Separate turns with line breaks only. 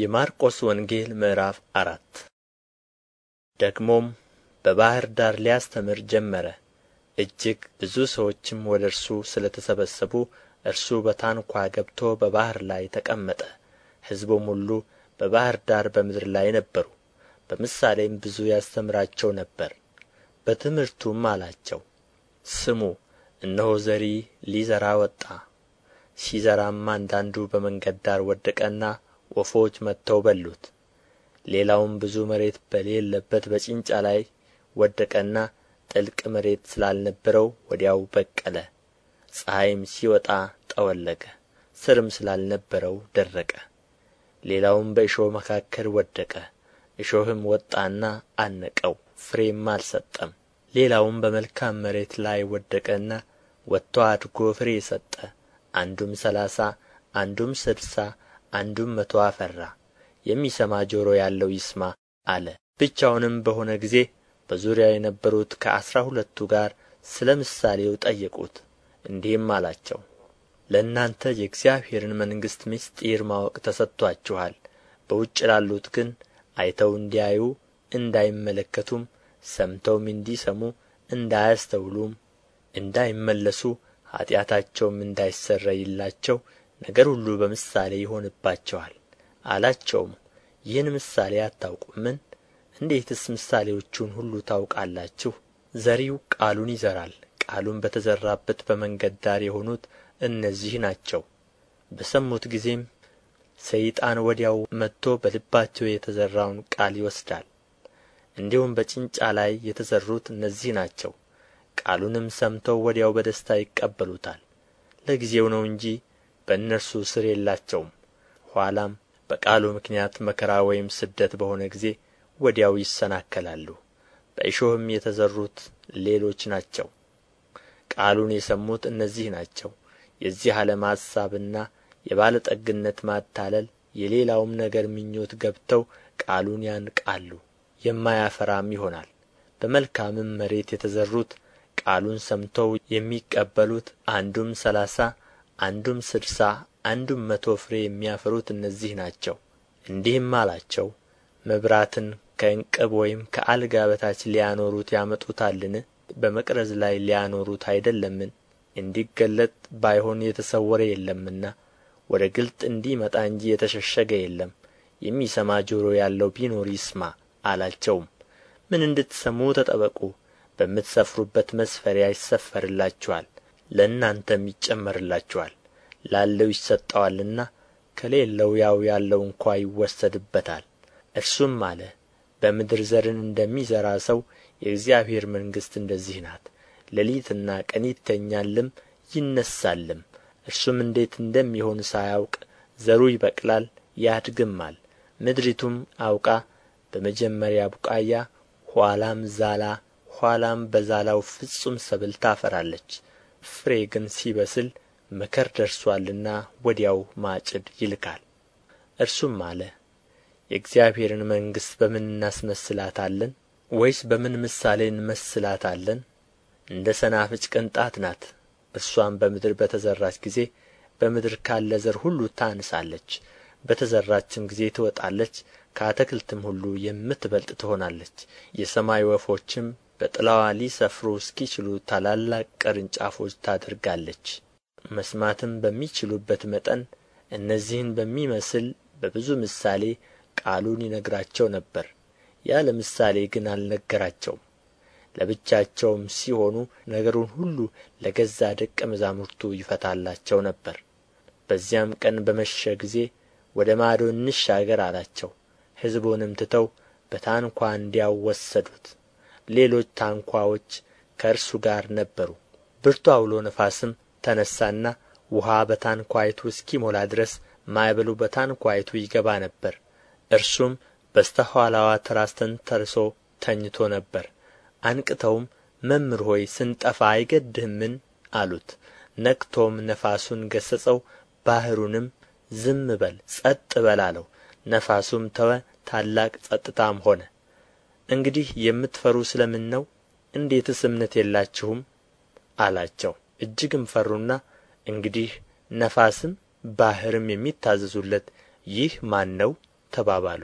የማርቆስ ወንጌል ምዕራፍ አራት ደግሞም በባሕር ዳር ሊያስተምር ጀመረ እጅግ ብዙ ሰዎችም ወደ እርሱ ስለ ተሰበሰቡ እርሱ በታንኳ ገብቶ በባሕር ላይ ተቀመጠ ሕዝቡም ሁሉ በባሕር ዳር በምድር ላይ ነበሩ በምሳሌም ብዙ ያስተምራቸው ነበር በትምህርቱም አላቸው ስሙ እነሆ ዘሪ ሊዘራ ወጣ ሲዘራም አንዳንዱ በመንገድ ዳር ወደቀና ወፎች መጥተው በሉት ሌላውም ብዙ መሬት በሌለበት በጭንጫ ላይ ወደቀና ጥልቅ መሬት ስላልነበረው ወዲያው በቀለ ፀሐይም ሲወጣ ጠወለገ ስርም ስላልነበረው ደረቀ ሌላውም በእሾህ መካከል ወደቀ እሾህም ወጣና አነቀው ፍሬም አልሰጠም ሌላውም በመልካም መሬት ላይ ወደቀና ወጥቶ አድጎ ፍሬ ሰጠ አንዱም ሰላሳ፣ አንዱም ስድሳ አንዱም መቶ አፈራ የሚሰማ ጆሮ ያለው ይስማ አለ ብቻውንም በሆነ ጊዜ በዙሪያው የነበሩት ከአሥራ ሁለቱ ጋር ስለ ምሳሌው ጠየቁት እንዲህም አላቸው ለእናንተ የእግዚአብሔርን መንግሥት ምስጢር ማወቅ ተሰጥቶአችኋል በውጭ ላሉት ግን አይተው እንዲያዩ እንዳይመለከቱም ሰምተውም እንዲሰሙ እንዳያስተውሉም እንዳይመለሱ ኃጢአታቸውም እንዳይሰረይላቸው ነገር ሁሉ በምሳሌ ይሆንባቸዋል አላቸውም ይህን ምሳሌ አታውቁምን እንዴትስ ምሳሌዎቹን ሁሉ ታውቃላችሁ ዘሪው ቃሉን ይዘራል ቃሉን በተዘራበት በመንገድ ዳር የሆኑት እነዚህ ናቸው በሰሙት ጊዜም ሰይጣን ወዲያው መጥቶ በልባቸው የተዘራውን ቃል ይወስዳል እንዲሁም በጭንጫ ላይ የተዘሩት እነዚህ ናቸው ቃሉንም ሰምተው ወዲያው በደስታ ይቀበሉታል ለጊዜው ነው እንጂ በእነርሱ ሥር የላቸውም ኋላም በቃሉ ምክንያት መከራ ወይም ስደት በሆነ ጊዜ ወዲያው ይሰናከላሉ በእሾህም የተዘሩት ሌሎች ናቸው ቃሉን የሰሙት እነዚህ ናቸው የዚህ ዓለም አሳብና የባለጠግነት ማታለል የሌላውም ነገር ምኞት ገብተው ቃሉን ያንቃሉ የማያፈራም ይሆናል በመልካምም መሬት የተዘሩት ቃሉን ሰምተው የሚቀበሉት አንዱም ሰላሳ ። አንዱም ስድሳ አንዱም መቶ ፍሬ የሚያፈሩት እነዚህ ናቸው እንዲህም አላቸው መብራትን ከእንቅብ ወይም ከአልጋ በታች ሊያኖሩት ያመጡታልን በመቅረዝ ላይ ሊያኖሩት አይደለምን እንዲገለጥ ባይሆን የተሰወረ የለምና ወደ ግልጥ እንዲመጣ እንጂ የተሸሸገ የለም የሚሰማ ጆሮ ያለው ቢኖር ይስማ አላቸውም ምን እንድትሰሙ ተጠበቁ በምትሰፍሩበት መስፈሪያ ይሰፈርላችኋል ለእናንተም ይጨመርላችኋል ላለው ይሰጠዋልና ከሌለው ያው ያለው እንኳ ይወሰድበታል እርሱም አለ በምድር ዘርን እንደሚዘራ ሰው የእግዚአብሔር መንግሥት እንደዚህ ናት ሌሊትና ቀን ይተኛልም ይነሣልም እርሱም እንዴት እንደሚሆን ሳያውቅ ዘሩ ይበቅላል ያድግማል ምድሪቱም አውቃ በመጀመሪያ ቡቃያ ኋላም ዛላ ኋላም በዛላው ፍጹም ሰብል ታፈራለች ፍሬ ግን ሲበስል መከር ደርሶአልና ወዲያው ማጭድ ይልካል እርሱም አለ የእግዚአብሔርን መንግሥት በምን እናስመስላታለን ወይስ በምን ምሳሌ እንመስላታለን እንደ ሰናፍጭ ቅንጣት ናት እርሷም በምድር በተዘራች ጊዜ በምድር ካለ ዘር ሁሉ ታንሳለች በተዘራችም ጊዜ ትወጣለች ከአትክልትም ሁሉ የምትበልጥ ትሆናለች የሰማይ ወፎችም በጥላዋ ሊሰፍሩ እስኪችሉ ታላላቅ ቅርንጫፎች ታደርጋለች መስማትም በሚችሉበት መጠን እነዚህን በሚመስል በብዙ ምሳሌ ቃሉን ይነግራቸው ነበር ያለ ምሳሌ ግን አልነገራቸውም ለብቻቸውም ሲሆኑ ነገሩን ሁሉ ለገዛ ደቀ መዛሙርቱ ይፈታላቸው ነበር በዚያም ቀን በመሸ ጊዜ ወደ ማዶ እንሻገር አላቸው ሕዝቡንም ትተው በታንኳ እንዲያው ወሰዱት ሌሎች ታንኳዎች ከእርሱ ጋር ነበሩ ብርቱ አውሎ ነፋስም ተነሣና ውሃ በታንኳይቱ እስኪሞላ ድረስ ማዕበሉ በታንኳይቱ ይገባ ነበር እርሱም በስተኋላዋ ኋላዋ ትራስ ተንተርሶ ተኝቶ ነበር አንቅተውም መምህር ሆይ ስንጠፋ አይገድህምን አሉት ነቅቶም ነፋሱን ገሰጸው ባሕሩንም ዝም በል ጸጥ በል አለው ነፋሱም ተወ ታላቅ ጸጥታም ሆነ እንግዲህ የምትፈሩ ስለ ምን ነው እንዴትስ እምነት የላችሁም አላቸው እጅግም ፈሩና እንግዲህ ነፋስም ባሕርም የሚታዘዙለት ይህ ማን ነው ተባባሉ